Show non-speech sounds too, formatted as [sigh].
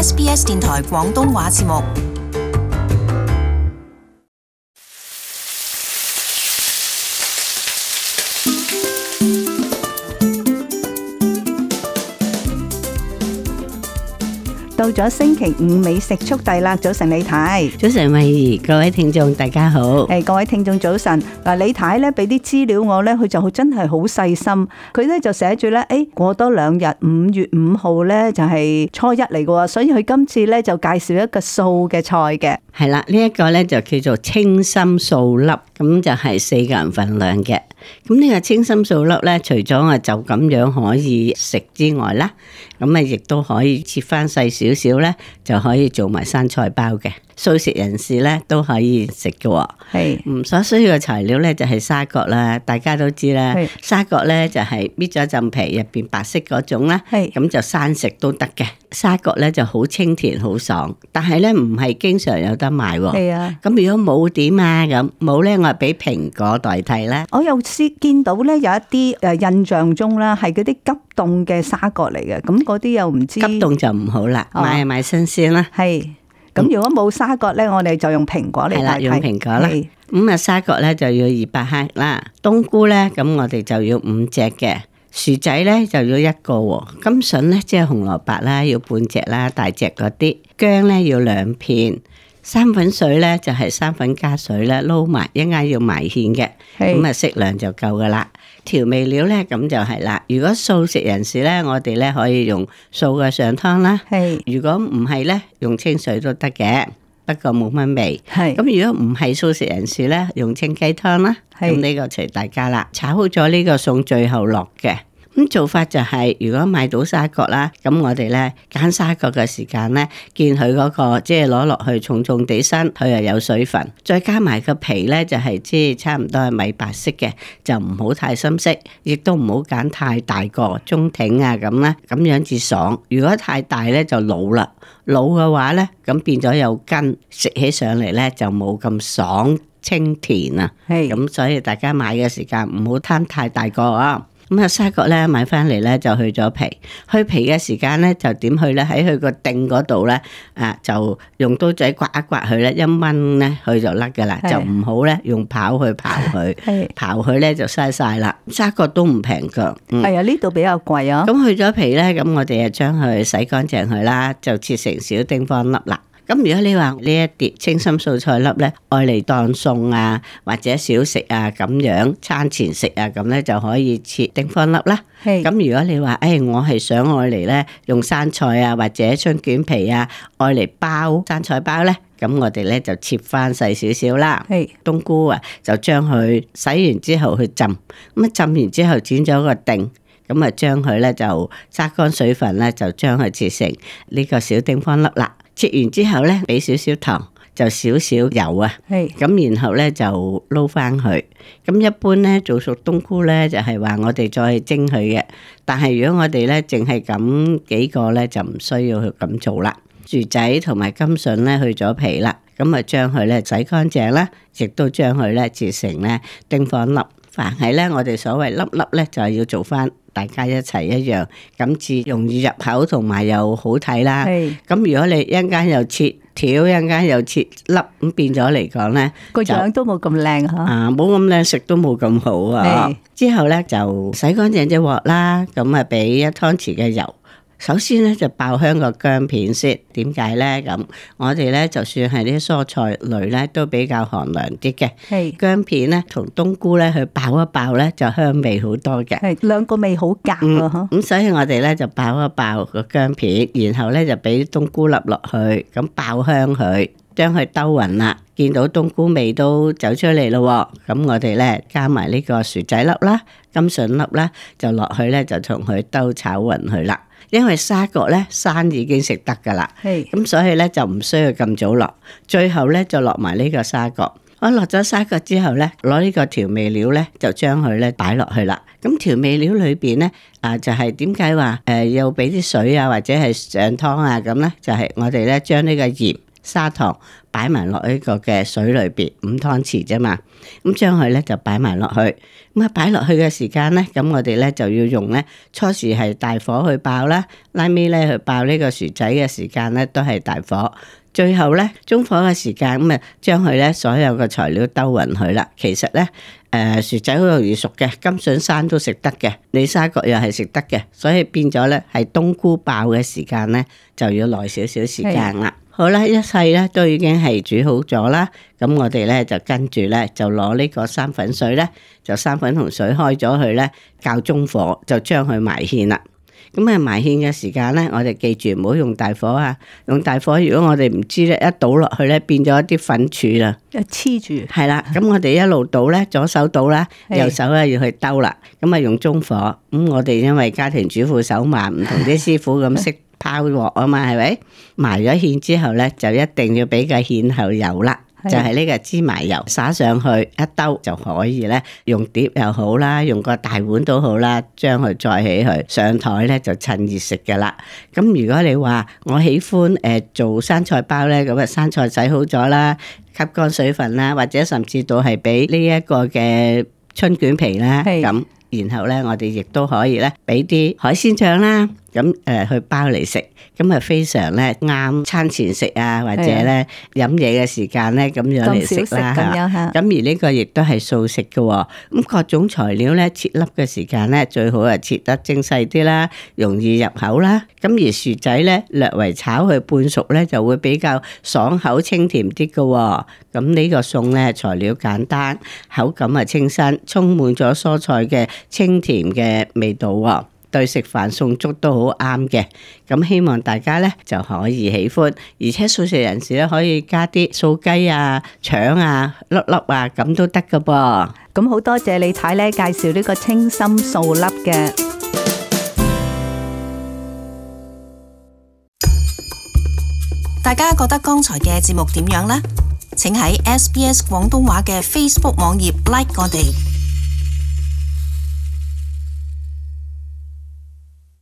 SBS 電台廣東話節目。到咗星期五，美食速遞啦！早晨李太，早晨慧怡，各位聽眾大家好。誒，各位聽眾早晨。嗱，李太咧俾啲資料我咧，佢就真係好細心。佢咧就寫住咧，誒，過多兩日，五月五號咧就係初一嚟嘅喎，所以佢今次咧就介紹一個素嘅菜嘅。係啦，呢一個咧就叫做清心素粒。咁就係四個人份量嘅，咁呢個清心素粒咧，除咗啊就咁樣可以食之外啦，咁啊亦都可以切翻細少少咧，就可以做埋生菜包嘅。素食人士咧都可以食嘅，係是，嗯，所需要嘅材料咧就係沙葛啦，大家都知啦，沙葛咧就係搣咗浸皮入邊白色嗰種啦，係是，咁就生食都得嘅，沙葛咧就好清甜好爽，但係咧唔係經常有得賣，係啊，咁如果冇點啊咁冇咧，我係俾蘋果代替啦。我又見見到咧有一啲誒印象中啦係嗰啲急凍嘅沙葛嚟嘅，咁嗰啲又唔知急凍就唔好啦，買啊買新鮮啦，係。咁、嗯、如果冇沙葛咧，我哋就用蘋果嚟代啦，用蘋果啦。咁啊的，沙葛咧就要二百克啦。冬菇咧，咁我哋就要五隻嘅。薯仔咧就要一個。甘筍咧即係紅蘿蔔啦，要半隻啦，大隻嗰啲。薑咧要兩片。生粉水咧就係、是、生粉加水咧撈埋，一陣間要埋芡嘅。咁啊的，適量就夠噶啦。調味料呢，咁就係啦。如果素食人士呢，我哋呢可以用素嘅上湯啦。是如果唔係呢，用清水都得嘅，不過冇乜味道。係是，咁如果唔係素食人士呢，用清雞湯啦。係是，呢個隨大家啦。炒好咗呢個餸，最後落嘅。咁做法就係、是、如果買到沙葛啦，咁我哋咧，揀沙葛嘅時間咧，見佢嗰、那個即係攞落去重重地身，佢又有水分，再加埋個皮咧就係即係差唔多係米白色嘅，就唔好太深色，亦都唔好揀太大個中挺啊，咁咧，咁樣至爽。如果太大咧就老啦，老嘅話咧，咁變咗有根，食起上嚟咧就冇咁爽清甜啊。咁 Hey, 所以大家買嘅時間唔好貪太大個啊。咁啊、嗯，沙葛咧買翻嚟咧就去咗皮，去皮嘅時間咧就點去咧？喺佢個頂嗰度咧，啊就用刀仔刮一刮佢咧，一掹咧佢就甩噶啦，是就唔好咧用刨去刨佢，是刨佢咧就嘥晒啦。沙葛都唔平噶，係啊呢度比較貴啊。咁、嗯、去咗皮咧，咁我哋就將佢洗乾淨佢啦，就切成小丁方粒啦。咁如果你話呢一碟清心素菜粒咧，愛嚟當餸啊，或者小食啊咁樣，餐前食啊咁咧就可以切丁方粒啦。咁是如果你話，誒、哎、我係想愛嚟咧用生菜啊或者春卷皮啊愛嚟包生菜包咧，咁我哋咧就切翻細少少啦。是冬菇啊，就將佢洗完之後去浸，咁啊浸完之後剪咗個定，咁啊將佢咧就揸乾水分咧，就將佢切成呢個小丁方粒啦。切完之後呢，俾少少糖，就少少油啊。係，咁然後呢，就撈翻佢。咁一般呢，做熟冬菇呢，就係話我哋再蒸佢嘅。但係如果我哋呢，淨係咁幾個呢，就唔需要去咁做啦。薯仔同埋甘筍呢，去咗皮啦，咁啊將佢呢洗乾淨啦，亦都將佢呢切成呢丁方粒。凡係呢，我哋所謂粒粒呢，就係要做翻。大家一齊一樣，咁至容易入口同埋又好睇啦。咁是如果你一陣間又切條，一陣間又切粒，咁變咗嚟講咧，個樣就都冇咁靚嚇。啊，冇咁靚食都冇咁好是啊。之後咧就洗乾淨隻鑊啦，咁啊俾一湯匙嘅油。首先咧就爆香個薑片先，點解咧咁？我哋咧就算係啲蔬菜類咧，都比較寒涼啲嘅。係薑是片咧，同冬菇咧去爆一爆咧，就香味好多嘅。係兩個味好夾咯！咁、嗯嗯、所以我哋咧就爆一爆個薑片，然後咧就俾冬菇粒落去，咁爆香佢，將佢兜匀啦。見到冬菇味都走出嚟咯，咁我哋咧加埋呢個薯仔粒啦，甘笋粒啦，就落去咧就同佢兜炒匀佢啦。因為沙葛咧生已經食得㗎喇，咁 Hey. 所以咧就唔需要咁早落，最後咧就落埋呢個沙葛。我落咗沙葛之後咧，攞呢個調味料咧就將佢咧擺落去啦。咁調味料裏邊咧啊就係、是呃、點解話誒要俾啲水啊或者係上湯啊咁咧？就係、是、我哋咧將呢個鹽。砂糖擺埋落呢個嘅水裏邊，五湯匙啫嘛。咁將佢咧就擺埋落去。咁啊，擺落去嘅時間咧，咁我哋咧就要用咧初時係大火去爆啦，拉尾咧去爆呢個薯仔嘅時間咧都係大火。最後咧中火嘅時間，咁啊將佢咧所有嘅材料兜勻佢啦。其實咧誒薯仔好容易熟嘅，金筍生都食得嘅，你沙葛又係食得嘅，所以變咗咧係冬菇爆嘅時間咧就要耐少少時間啦。好啦，一切咧都已經係煮好咗啦。咁我哋咧就跟住咧就攞呢個生粉水咧，就生粉同水開咗佢咧，較中火就將佢埋芡啦。咁啊埋芡嘅時間咧，我哋記住唔好用大火啊！用大火如果我哋唔知咧，一倒落去咧變咗一啲粉柱啦，又黐住。係啦，咁我哋一路倒咧，左手倒啦，右手咧要去兜啦。咁啊的用中火。咁我哋因為家庭主婦手慢，唔同啲師傅咁識。 [laughs] 泡鑊啊嘛，係咪埋咗芡之後咧，就一定要俾個芡後油啦，的就係呢個芝麻油撒上去一兜就可以咧，用碟又好啦，用個大碗都好啦，將佢載起去上枱咧就趁熱食噶啦。咁如果你話我喜歡誒做生菜包咧，咁啊生菜洗好咗啦，吸乾水分啦，或者甚至到係俾呢一個嘅春卷皮啦，咁的然後咧我哋亦都可以咧俾啲海鮮醬啦。咁誒去包嚟食，咁啊非常咧啱餐前食啊，或者咧飲嘢嘅時間咧咁是樣嚟食食啦嚇。咁而呢個亦都係素食嘅喎。咁各種材料咧切粒嘅時間咧，最好係切得精細啲啦，容易入口啦。咁而薯仔咧略為炒去半熟咧，就會比較爽口清甜啲嘅。咁、這、呢個餸咧材料簡單，口感啊清新，充滿咗蔬菜嘅清甜嘅味道啊！對食飯送粥都好啱嘅，咁希望大家咧就可以喜歡，而且素食人士咧可以加啲素雞啊、腸啊、粒粒啊，咁都得㗎噃。咁好多謝李太咧介紹呢個清心素粒嘅，大家覺得剛才嘅節目點樣咧？請喺 SBS 廣東話嘅 Facebook 網頁 like 我哋。